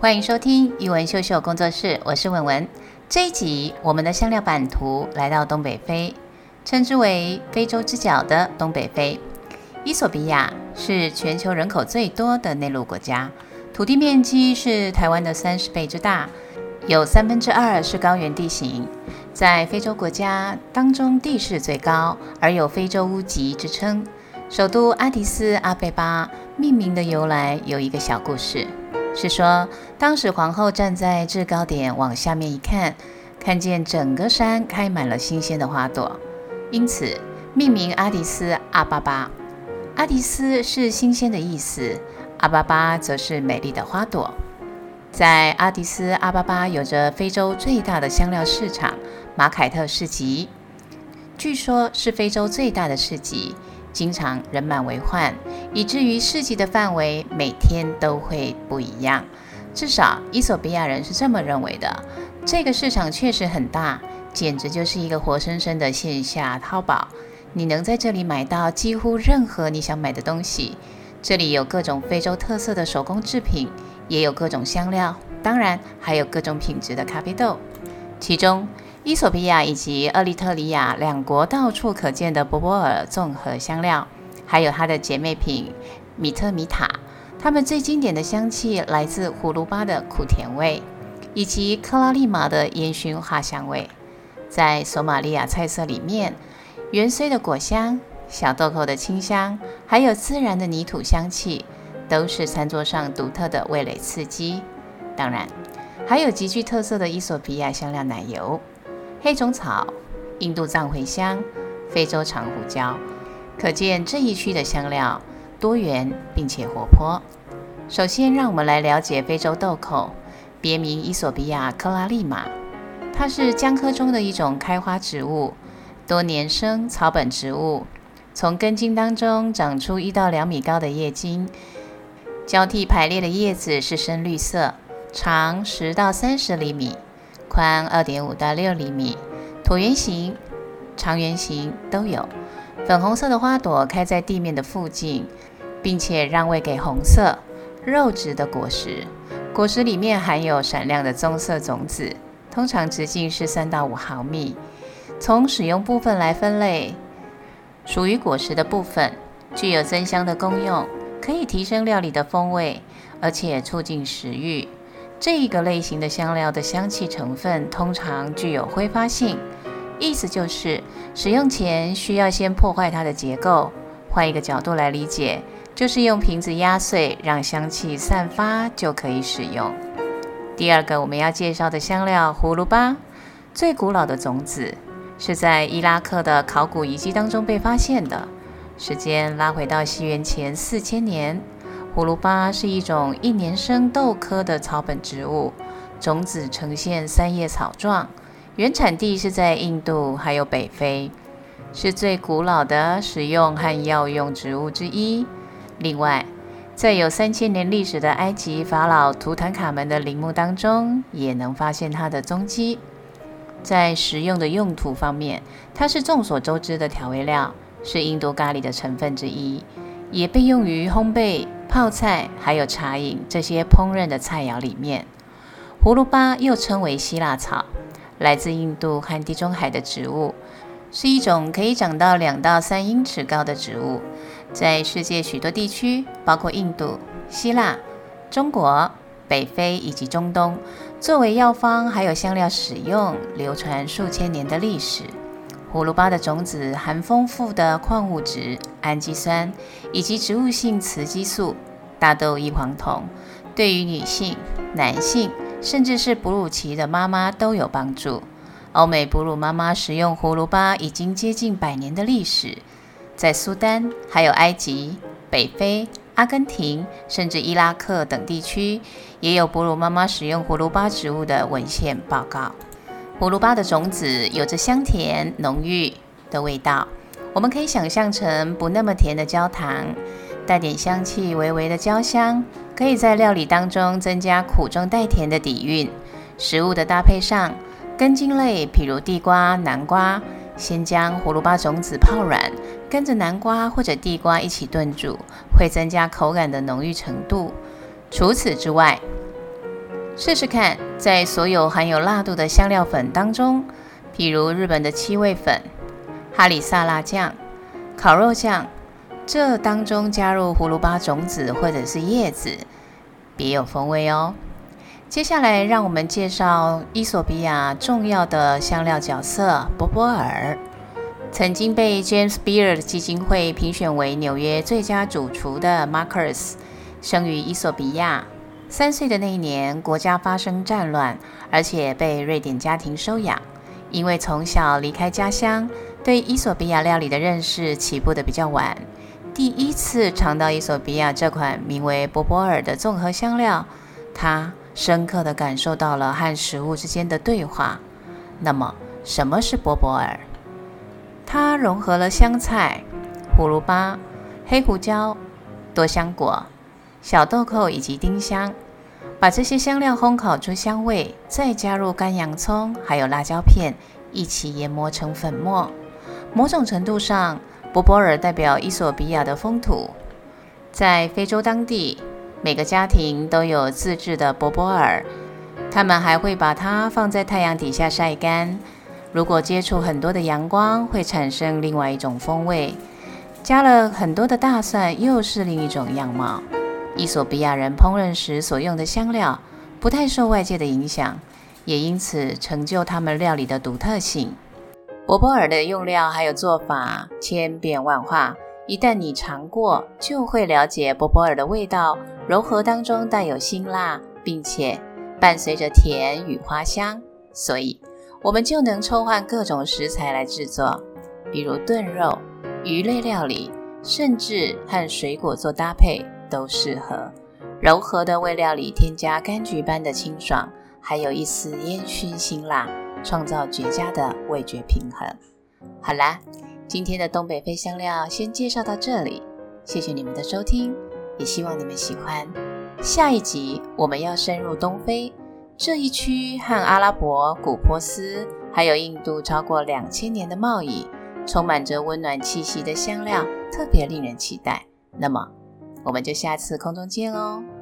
歡迎收聽一文秀秀工作室，我是文文。這一集，我們的香料版圖來到東北非，稱之為非洲之角的東北非。衣索比亞是全球人口最多的內陸國家，土地面積是台灣的三十倍之大，有三分之二是高原地形，在非洲國家當中地勢最高，而有“非洲屋脊”之稱。首都阿迪斯阿貝巴命名的由來有一個小故事。是說，當時皇后站在制高點往下面一看，看見整個山開滿了新鮮的花朵，因此命名阿迪斯阿巴巴。阿迪斯是新鮮的意思，阿巴巴則是美麗的花朵。在阿迪斯阿巴巴有着非洲最大的香料市場，馬凱特市集，據說是非洲最大的市集。經常人滿為患，以至於市集的範圍每天都會不一樣。至少衣索比亞人是這麼認為的。這個市場確實很大，簡直就是一個活生生的線下淘寶。你能在這裡買到幾乎任何你想買的東西。這裡有各種非洲特色的手工制品，也有各種香料，當然還有各種品質的咖啡豆。其中，伊索比亞以及厄利特里亞兩國到處可見的柏柏爾綜合香料，還有它的姐妹品米特米塔，它們最經典的香氣來自葫蘆巴的苦甜味，以及克拉利瑪的煙燻花香味。在索馬利亞菜色裡面，芫荽的果香、小豆蔻的清香，還有自然的泥土香氣，都是餐桌上獨特的味蕾刺激。當然，還有極具特色的伊索比亞香料奶油。黑種草、印度藏茴香、非洲長胡椒，可見這一區的香料多元並且活潑。首先，讓我們來了解非洲豆蔻，別名伊索比亞科拉利瑪，它是薑科中的一種開花植物，多年生草本植物，從根莖當中長出一到兩米高的葉莖，交替排列的葉子是深綠色，長十到三十厘米。寬二點五到六厘米，橢圓形、長圓形都有。粉紅色的花朵開在地面的附近，並且讓位給紅色肉質的果實。果實裡面含有閃亮的棕色種子，通常直徑是三到五毫米。從使用部分來分類，屬於果實的部分具有增香的功用，可以提升料理的風味，而且促進食欲。這一個類型的香料的香氣成分通常具有揮發性，意思就是使用前需要先破壞它的結構。換一個角度來理解，就是用瓶子壓碎，讓香氣散發就可以使用。第二個我們要介紹的香料，葫蘆巴，最古老的種子是在伊拉克的考古遺迹當中被發現的，時間拉回到西元前四千年。葫蘆巴是一種一年生豆科的草本植物，種子呈現三葉草狀，原產地是在印度還有北非，是最古老的食用和藥用植物之一。另外，在有三千年歷史的埃及法老圖坦卡門的陵墓當中，也能發現它的蹤跡。在食用的用途方面，它是眾所周知的調味料，是印度咖喱的成分之一。也被用於烘焙、泡菜，還有茶飲這些烹飪的菜餚裡面。葫蘆巴又稱為希臘草，來自印度和地中海的植物，是一種可以長到兩到三英尺高的植物。在世界許多地區，包括印度、希臘、中國、北非以及中東，作為藥方還有香料使用，流傳數千年的歷史。葫蘆巴的種子含豐富的礦物質、氨基酸以及植物性雌激素大豆異黃酮，對於女性、男性甚至是哺乳期的媽媽都有幫助。歐美哺乳媽媽使用葫蘆巴已經接近百年的歷史，在蘇丹、還有埃及、北非、阿根廷甚至伊拉克等地區，也有哺乳媽媽使用葫蘆巴植物的文獻報告。葫蘆巴的種子有着香甜濃郁的味道，我們可以想象成不那麼甜的焦糖，帶點香氣、微微的焦香，可以在料理當中增加苦中帶甜的底蘊。食物的搭配上，根莖類，譬如地瓜、南瓜，先將葫蘆巴種子泡軟，跟着南瓜或者地瓜一起燉煮，會增加口感的濃郁程度。除此之外，試試看，在所有含有辣度的香料粉當中，譬如日本的七味粉、哈里薩辣醬、烤肉醬，這當中加入葫蘆巴種子或者是葉子，別有風味哦。接下來，讓我們介紹衣索比亞重要的香料角色——柏柏爾。曾經被 James Beard 基金會評選為紐約最佳主廚的 Marcus，生於衣索比亞。三歲的那一年，國家發生戰亂，而且被瑞典家庭收養。因為從小離開家鄉，對衣索比亞料理的認識起步的比較晚。第一次嘗到衣索比亞這款名為“柏柏爾”的綜合香料，他深刻地感受到了和食物之間的對話。那麼，什麼是柏柏爾？它融合了香菜、葫蘆巴、黑胡椒、多香果。小豆蔻以及丁香，把這些香料烘烤出香味，再加入乾洋蔥還有辣椒片，一起研磨成粉末。某種程度上，柏柏爾代表衣索比亞的風土。在非洲當地，每個家庭都有自制的柏柏爾，他們還會把它放在太陽底下曬乾。如果接觸很多的陽光，會產生另外一種風味。加了很多的大蒜，又是另一種樣貌。衣索比亞人烹飪時所用的香料不太受外界的影響，也因此成就他們料理的獨特性。柏柏爾的用料還有做法千變萬化，一旦你嘗過，就會了解柏柏爾的味道，柔和當中帶有辛辣，並且伴隨着甜與花香，所以我們就能抽換各種食材來制作，比如燉肉、魚類料理，甚至和水果做搭配。都適合，柔和的味料裡添加柑橘般的清爽，還有一絲煙燻辛辣，創造絕佳的味覺平衡。好啦，今天的東北非香料先介紹到這裡，謝謝你們的收聽，也希望你們喜歡。下一集我們要深入東非，這一區和阿拉伯、古波斯，還有印度超過兩千年的貿易，充滿着溫暖氣息的香料，特別令人期待。那麼。我們就下次空中見嘍。